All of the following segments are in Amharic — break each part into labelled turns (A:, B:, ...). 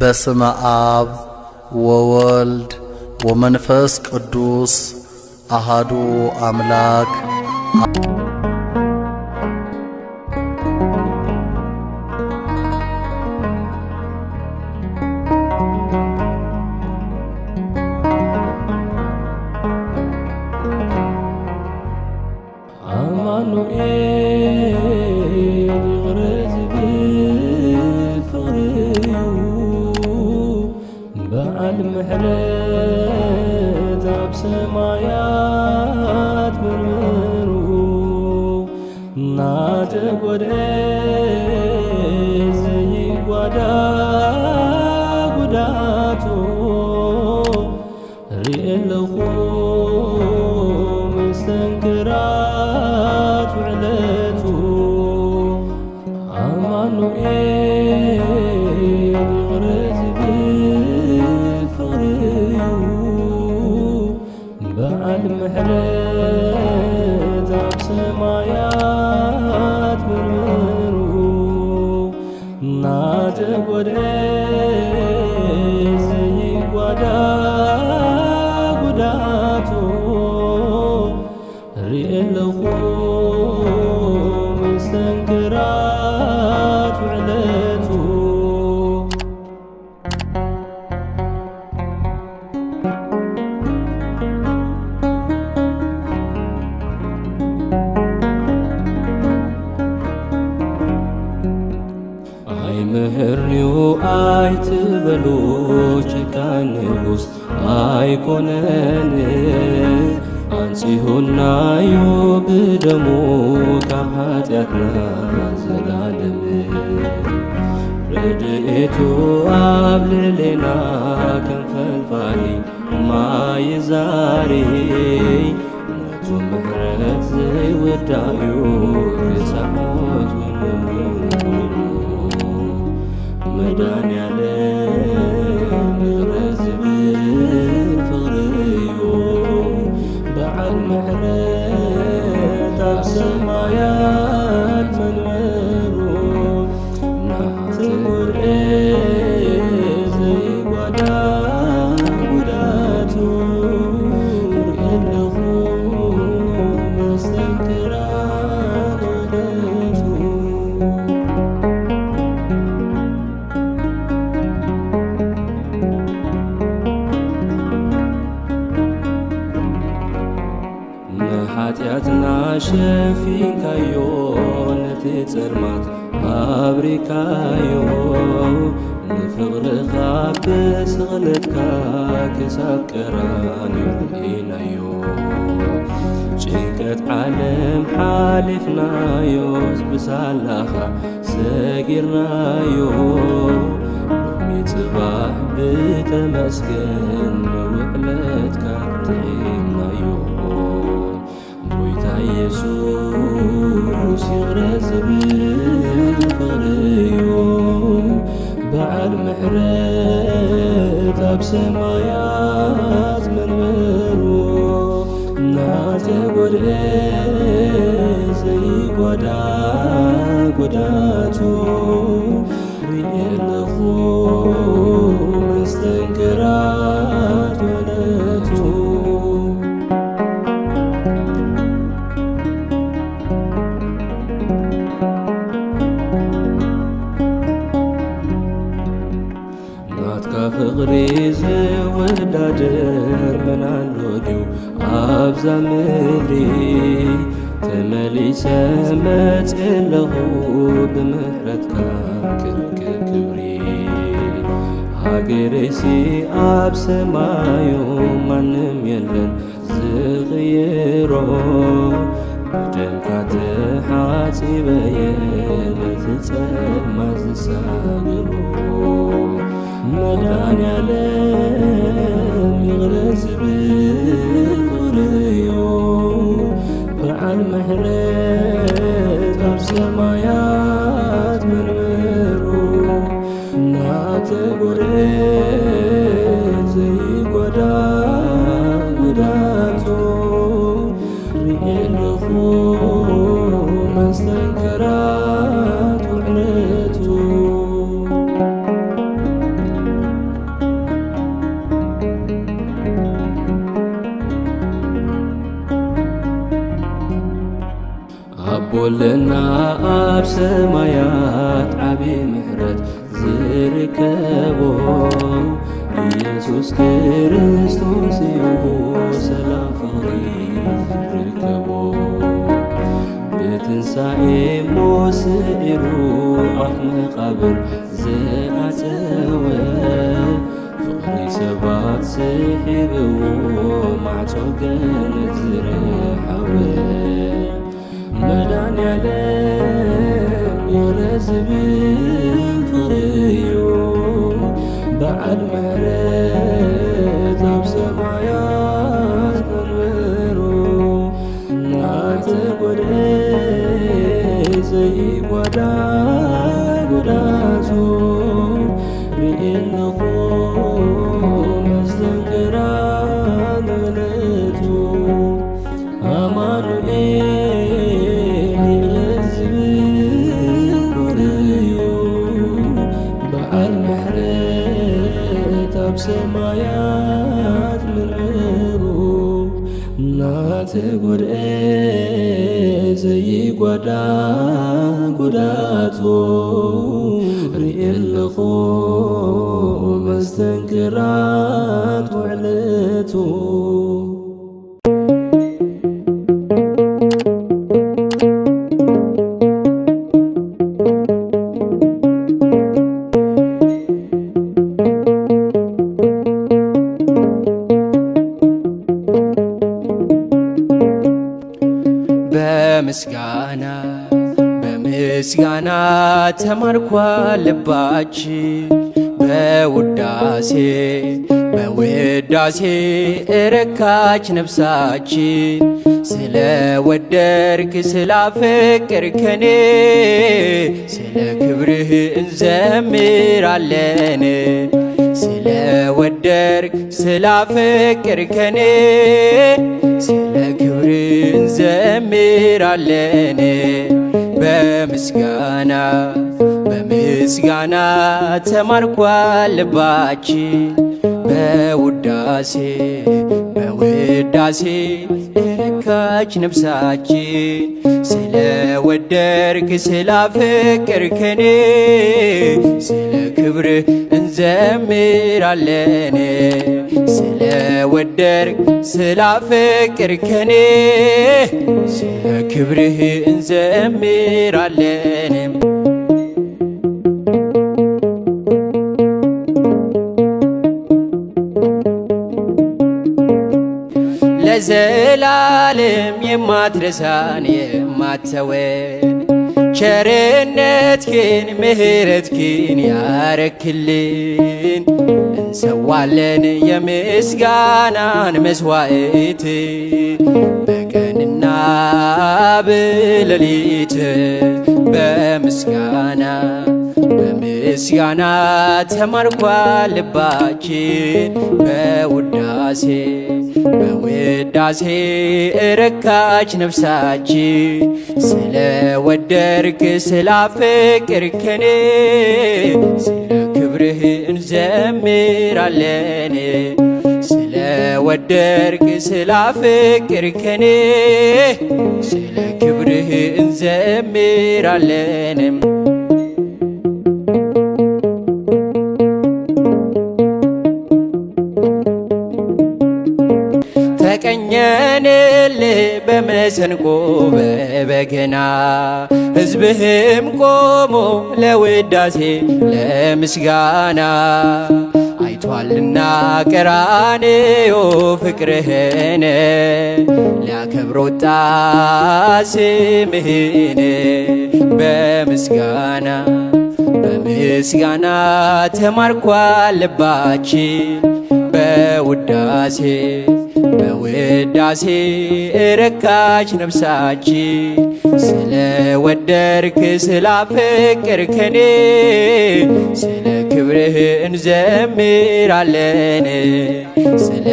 A: በስመ አብ ወወልድ ወመንፈስ ቅዱስ አሃዱ አምላክ
B: ጥሪው አይትበሉ ጭካኔ ውስጥ አይኮነን አንጽሖና ኢዮብ ደሙ ካብ ኃጢአትና ዘላለም ረድኤቱ ኣብ ልዕሌና ከም ዛሬ ምሕረት ዘይወዳእዩ ክሳብ ሞት መድኃኒዓለም ምህረት ዝብል ፍቅሪ እዩ በዓል ዓለም ሓሊፍናዮ ብሳላኻ ሰጊርናዮ ሎሚ ፅባሕ ብተመስገን ንውዕለትካ ትሒናዮ ጎይታ ኢየሱስ ይቕረ ዝብል በዓል ምሕረት ኣብ ሰማያ ቢጎድል ዘይጎዳ ጉዳቱ ብዬለሁ መስተንግራ አብዛ ምድሪ ተመሊሰ መፅለኹ ብምሕረትካ ክልክ ክብሪ ሃገረሲ ኣብ ሰማዩ ማንም የለን ዝቕይሮ ብደምካ ተሓፂበየ ነቲ ዝሳግሩ ዝሳግሮ መድኃኔዓለም ይቕረ ዝብል አልምህረት አብ ሰማያ ዝማፀወ ፍቕሪ ሰባት ስሒብዎ ማዕፆ ገነት ዝረሓወ መድኃኔዓለም ይረ ዝብል ፍቕሪ እዩ በዓል ምሕረት ኣብ ሰማያት መንበሩ ናተጐድአ ዘይ ሰማያት ምረሩ ናት ጉድኤ ዘይጓዳ ጉዳቱ ርኢልኹ መስተንክራት ውዕለቱ
C: በውዳሴ እረካች ነፍሳችን ስለ ወደርክ ስላፈቅርከን ስለ ክብርህ እንዘምራለን። ስለ ወደርክ ስላፈቅርከን ስለ ክብርህ እንዘምራለን። በምስጋና በምስጋና ተማርኳል በውዳሴ በውዳሴ የረካች ነፍሳችን ስለ ወደርክ ስላፈቀርከን ስለ ክብር እንዘምራለን ስለ ወደርክ ስላፈቀርከን ስለ ክብርህ እንዘምራለን ለዘላለም የማትረሳን የማትተወን ቸርነትህን ምሕረትህን ያረክልን እንሰዋለን የምስጋናን መስዋዕት በቀንና በሌሊት በምስጋና በምስጋና ተማርኳ ልባችን በውዳሴ በውዳሴ እረካች ነፍሳችን ስለ ወደርክ ስላፍቅርክን ስለ ክብርህ እንዘምራለን ስለ ወደርክ ስላፍቅርክን ስለ ክብርህ እንዘምራለን በመሰንቆ በበገና ሕዝብህም ቆሞ ለውዳሴ ለምስጋና አይቷልና ቀራንዮ ፍቅርህን ሊያከብሮታ ስምህን በምስጋና በምስጋና ተማርኳ ልባችን በውዳሴ በውዳሴ እረካች ነፍሳች ስለ ወደርክ ስላፈቅርከኔ ስለ ክብርህ እንዘምራለን ስለ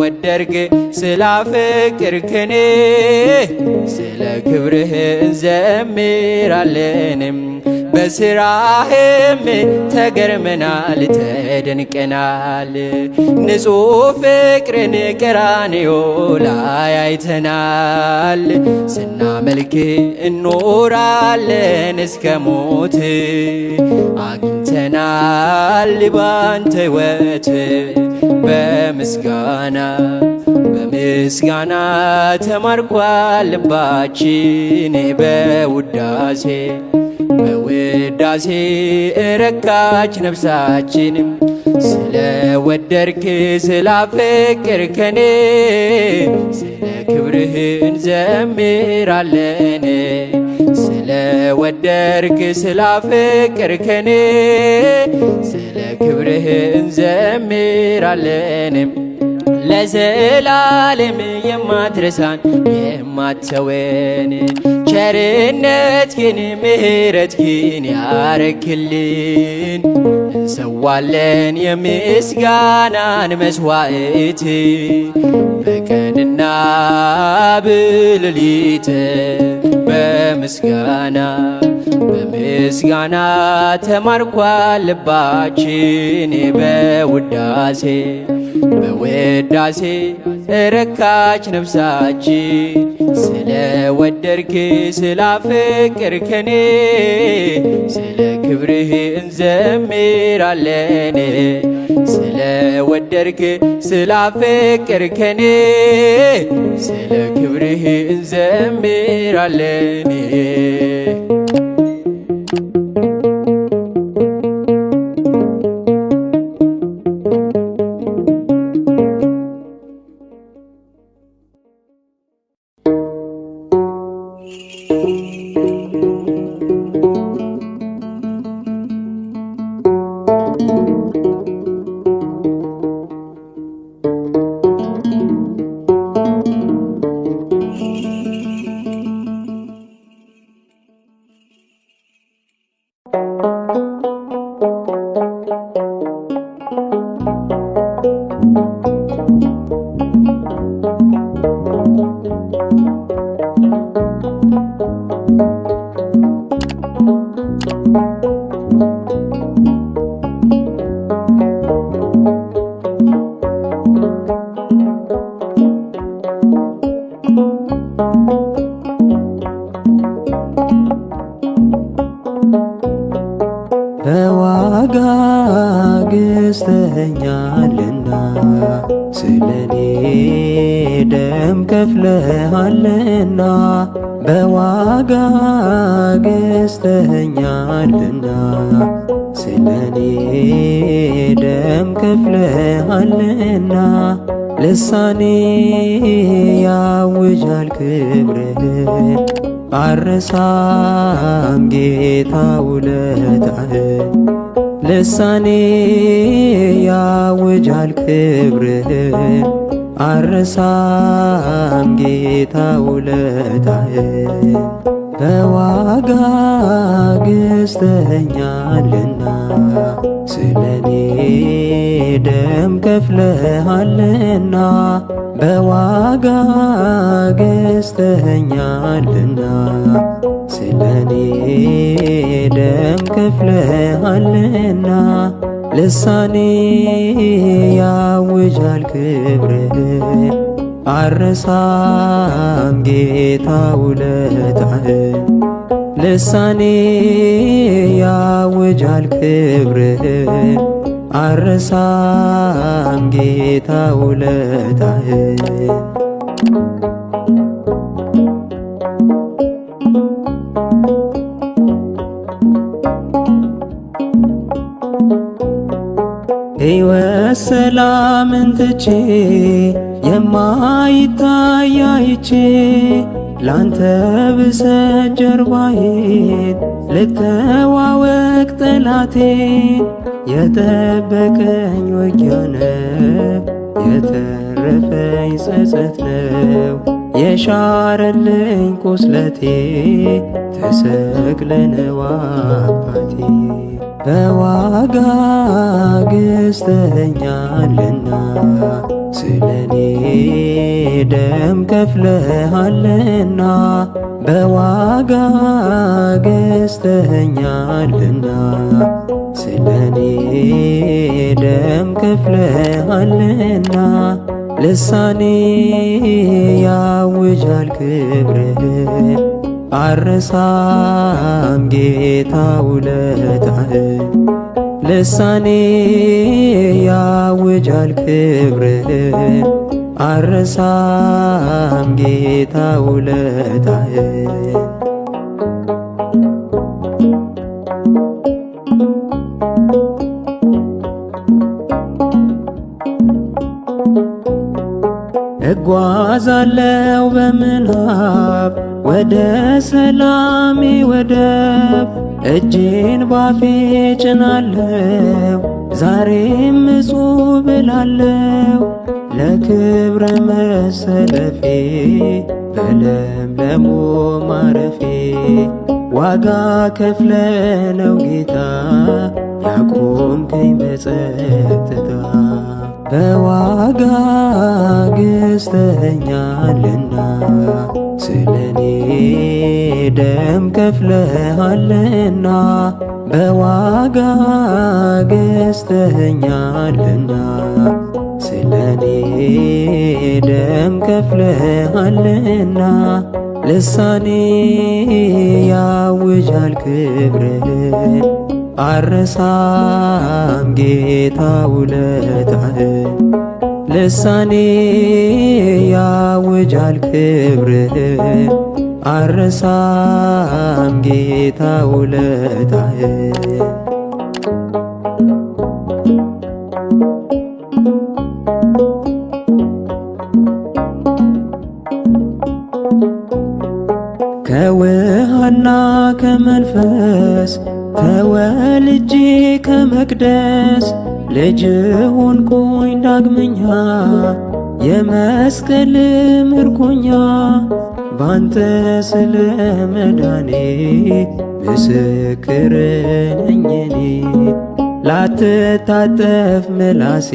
C: ወደርክ ስላፈቅርከኔ ስለ ክብርህ እንዘምራለን በስራህም ተገርመናል ተደንቀናል። ንጹሕ ፍቅርን ቀራንዮ ላይ አይተናል። ስናመልክ እኖራለን እስከ ሞት አግኝተናል ባንተ ሕይወት በምስጋና በምስጋና ተማርኳል ልባችን በውዳሴ በውዳሴ እረካች ነፍሳችንም ስለ ወደርክ ስለ ከኔ ስለ ክብርህን ዘምራለን ስለ ወደርክ ስለ ከኔ ክብርህን ዘምራለንም ለዘላለም የማትረሳን የማትተወን ቸርነት ግን ምሕረት ግን ያረክልን እንሰዋለን የምስጋናን መስዋዕት በቀንና ብልሊት ምስጋና በምስጋና ተማርኳ ልባችን በውዳሴ በውዳሴ እረካች ነፍሳች ስለ ወደርክ ስለ ስለ ክብርህ እንዘምራለን ስለ ወደርክ ስለ ፍቅርክኔ ስለ ክብርህ እንዘምራለን
D: ከፍለሃልና ልሳኔ ያውጃል ክብርህን። አረሳም ጌታ ውለታህን። ልሳኔ ያውጃል ክብርህን አረሳም ጌታ ውለታዬ በዋጋ ገዝተኸኛልና ስለኔ ደም ከፍለሃልና በዋጋ ገዝተኸኛልና ስለኔ ደም ከፍለሃልና ልሳኔ ያውጃል ክብርህን አረሳም ጌታ ውለታህን ልሳኔ ያውጃል ክብርህን አረሳም ጌታ ውለታህን ሕይወት ሰላምን ትቼ የማይታይ አይቼ ላንተ ብሰጥ ጀርባዬን ልተዋወቅ ጠላቴን የጠበቀኝ ውጊያ ነው የተረፈኝ ጸጸት ነው የሻረልኝ ቁስለቴ ተሰቅለነው አባቴ በዋጋ ገዝተኛልና ስለኔ ደም ከፍለሃልና በዋጋ ገዝተኛልና ስለኔ ደም ከፍለሃልና ልሳኔ ያውጃል ክብርህ አረሳም ጌታ ውለታህን ልሳኔ ያውጃል ክብርህን አረሳም ጌታ ውለታህን እጓዛለው በምናብ ወደ ሰላሜ ወደብ እጄን ባፌ ጭናለው ዛሬም እጹብ ብላለው ለክብረ መሰለፌ በለምለሙ ማረፌ ዋጋ ከፍለነው ጌታ ያቆምከኝ በጸጥታ በዋጋ ገዝተኸኛልና ስለኔ ደም ከፍለሃልና በዋጋ ገዝተኸኛልና ስለኔ ደም ከፍለሃልና ልሳኔ ያውጃል ክብርህን አረሳም ጌታ ውለታህን ልሳኔ ያውጃል ክብርህን አረሳም ጌታ ውለታህን ከውሃና ከመንፈስ ተወልጄ ከመቅደስ ልጅ ሆንኩኝ ዳግመኛ የመስቀል ምርኮኛ ባንተ ስለ መዳኔ ምስክር ነኝ እኔ ላትታጠፍ ምላሴ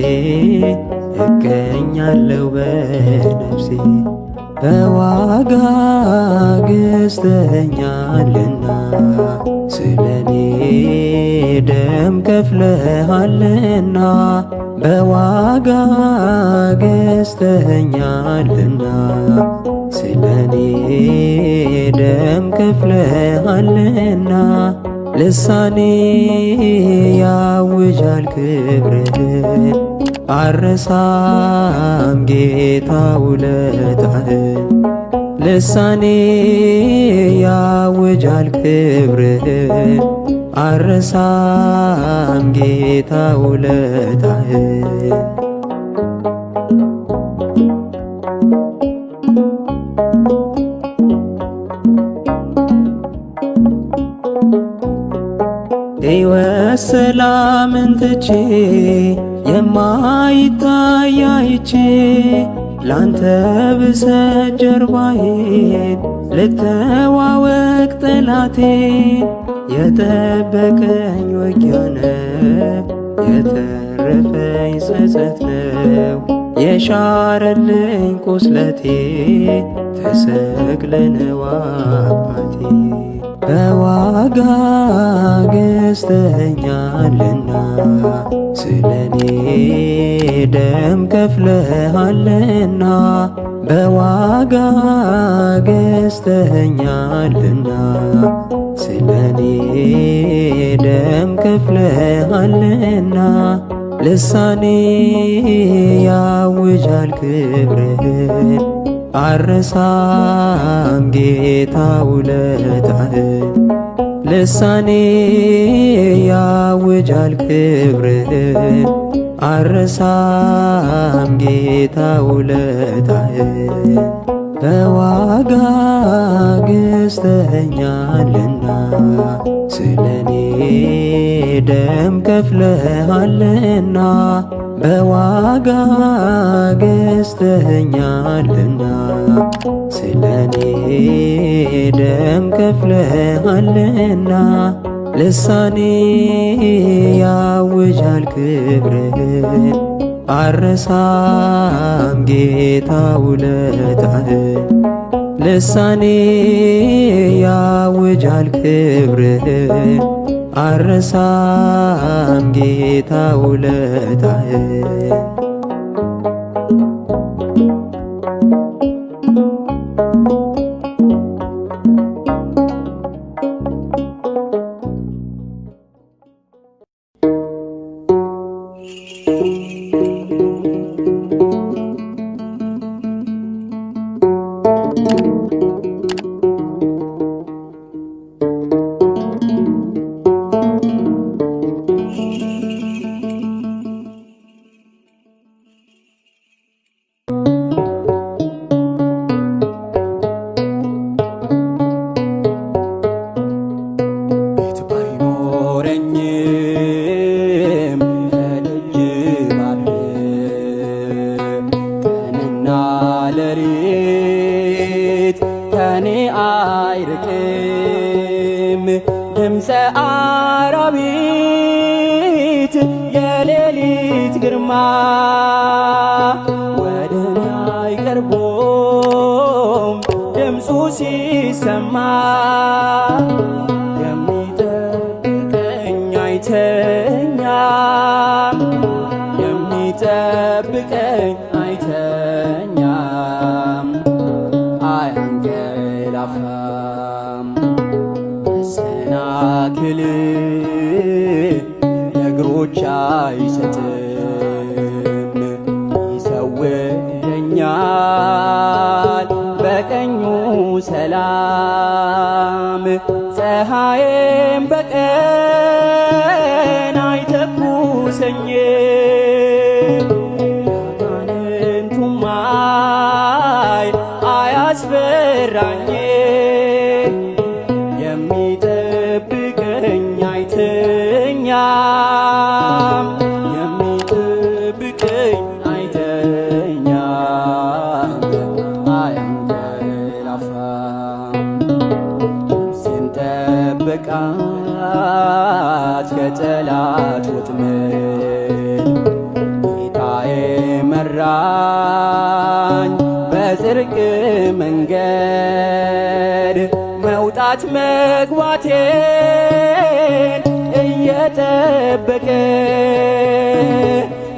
D: እገኛለሁ በነፍሴ በዋጋ ገዝተኛልና ስለኔ ደም ከፍለሃልና በዋጋ ገዝተኛልና ስለኔ ደም ከፍለሃልና ልሳኔ ያውጃል ክብርህ አረሳም ጌታ ውለታህን ልሳኔ ያውጃል ክብርህን አረሳም ጌታ ውለታህን ሕይወት ሰላምን ትቼ የማይታያይቼ ላንተ ብሰት ጀርባዬን ልተዋወቅ ጠላቴን የጠበቀኝ ውጊያ ነው የተረፈኝ ጸጸት ነው የሻረልኝ ቁስለቴ ተሰቅለነው አባቴ በዋጋ ገዝተኛልና ስለኔ ደም ከፍለሃልና በዋጋ ገዝተኛልና ስለኔ ደም ከፍለሃልና ልሳኔ ያውጃል ክብርህን አረሳም ጌታ ውለታህ ልሳኔ ያውጃል ክብርህን አረሳም ጌታ ውለታህ በዋጋ ገዝተኸኛልና ስለኔ ደም ከፍለሃልና በዋጋ ገዝተኛልና ስለኔ ደም ከፍለሃልና ልሳኔ ያውጃል ክብርህን አረሳም ጌታ ውለታህን ልሳኔ ያውጃል ክብርህን አረሳም ጌታ ውለታህ
E: ቆም ድምፁ ሲሰማ የሚጠብቀኝ አይተኛም የሚጠብቀኝ አይተኛም አያንገላፋም መሰናክል ለእግሮች አይሰጥም ሰላም ፀሐይም በቀን አይተኩሰኝ አጋንንቱም አያስፈራኝ ከጠላት ወጥመድ ጌታዬ መራኝ በጽድቅ መንገድ መውጣት መግባቴን እየጠበቀ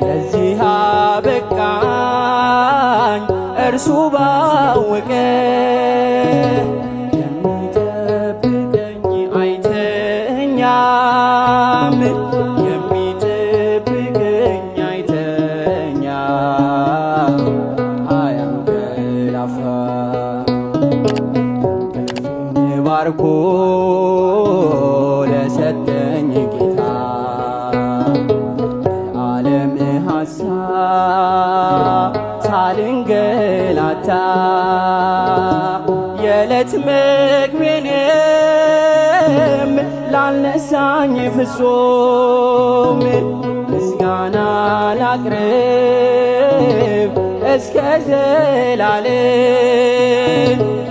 E: ለዚህ አበቃኝ እርሱ ባወቀ አልነሳኝ ፍጹም ምስጋና ላቅርብ እስከ ዘላለም